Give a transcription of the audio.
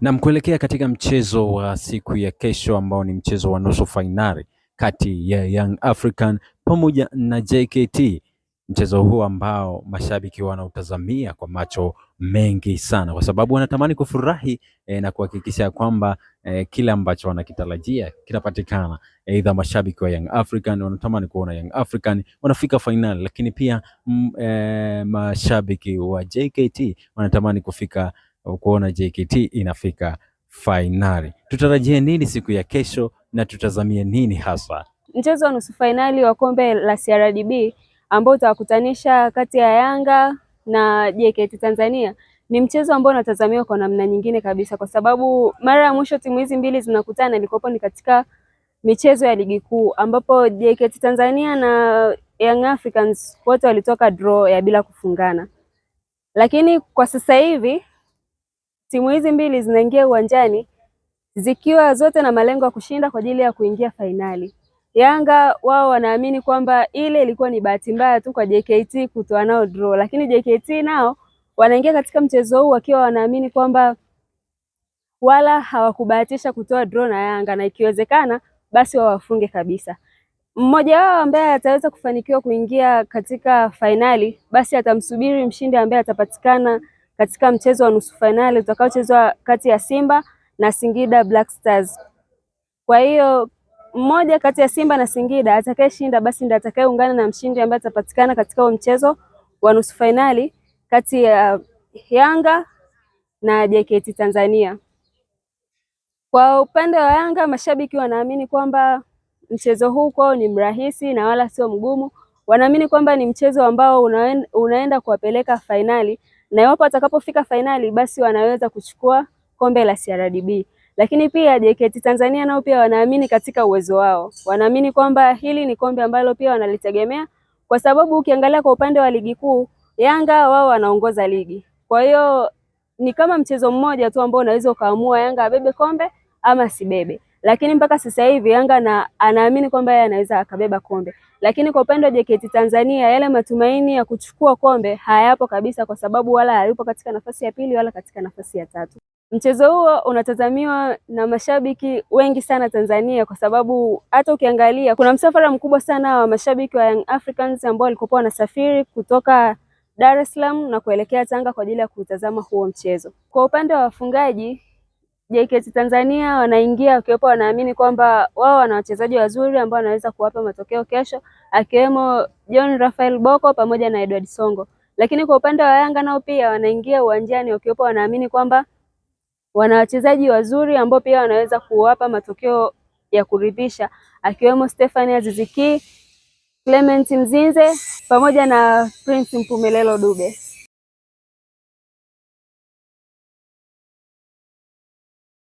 Nam, kuelekea katika mchezo wa siku ya kesho ambao ni mchezo wa nusu fainali kati ya Young African pamoja na JKT, mchezo huu ambao mashabiki wanautazamia kwa macho mengi sana, kwa sababu wanatamani kufurahi eh, na kuhakikisha kwamba eh, kile ambacho wanakitarajia kinapatikana. Aidha, mashabiki wa Young African wanatamani kuona Young African wanafika fainali, lakini pia mm, eh, mashabiki wa JKT wanatamani kufika kuona JKT inafika fainali. Tutarajie nini siku ya kesho na tutazamie nini hasa mchezo wa nusu fainali wa kombe la CRDB ambao utawakutanisha kati ya Yanga na JKT Tanzania? Ni mchezo ambao unatazamiwa kwa namna nyingine kabisa, kwa sababu mara ya mwisho timu hizi mbili zinakutana ilikuwa ni katika michezo ya ligi kuu ambapo JKT Tanzania na Young Africans wote walitoka draw ya bila kufungana, lakini kwa sasa hivi Timu hizi mbili zinaingia uwanjani zikiwa zote na malengo ya kushinda kwa ajili ya kuingia fainali. Yanga wao wanaamini kwamba ile ilikuwa ni bahati mbaya tu kwa JKT kutoa nao draw, lakini JKT nao wanaingia katika mchezo huu wakiwa wanaamini kwamba wala hawakubahatisha kutoa draw na Yanga, na ikiwezekana basi wawafunge kabisa. Mmoja wao ambaye ataweza kufanikiwa kuingia katika fainali, basi atamsubiri mshindi ambaye atapatikana katika mchezo wa nusu fainali utakaochezwa kati ya Simba na Singida Black Stars. Kwa hiyo mmoja kati ya Simba na Singida atakayeshinda basi ndiye atakayeungana na mshindi ambaye atapatikana katika huo mchezo wa nusu fainali kati ya Yanga na JKT Tanzania. Kwa upande wa Yanga, mashabiki wanaamini kwamba mchezo huu kwao ni mrahisi na wala sio mgumu. Wanaamini kwamba ni mchezo ambao unaenda kuwapeleka fainali na iwapo watakapofika fainali basi wanaweza kuchukua kombe la CRDB. Lakini pia JKT Tanzania nao pia wanaamini katika uwezo wao, wanaamini kwamba hili ni kombe ambalo pia wanalitegemea, kwa sababu ukiangalia kwa upande wa ligi kuu Yanga wao wanaongoza ligi, kwa hiyo ni kama mchezo mmoja tu ambao unaweza ukaamua Yanga abebe kombe ama sibebe lakini mpaka sasa hivi Yanga na anaamini kwamba yeye anaweza akabeba kombe, lakini kwa upande wa JKT Tanzania yale matumaini ya kuchukua kombe hayapo kabisa, kwa sababu wala hayupo katika nafasi ya pili wala katika nafasi ya tatu. Mchezo huo unatazamiwa na mashabiki wengi sana Tanzania, kwa sababu hata ukiangalia kuna msafara mkubwa sana wa mashabiki wa Young Africans ambao walikuwa wanasafiri kutoka Dar es Salaam na kuelekea Tanga kwa ajili ya kutazama huo mchezo. Kwa upande wa wafungaji JKT Tanzania wanaingia wakiwepo wanaamini kwamba wao wana wachezaji wazuri ambao wanaweza kuwapa matokeo kesho, akiwemo John Rafael Boko pamoja na Edward Songo. Lakini kwa upande wa Yanga nao pia wanaingia uwanjani wakiwepo wanaamini kwamba wana wachezaji wazuri ambao pia wanaweza kuwapa matokeo ya kuridhisha, akiwemo Stephanie Aziziki, Clement Mzinze pamoja na Prince Mpumelelo Dube.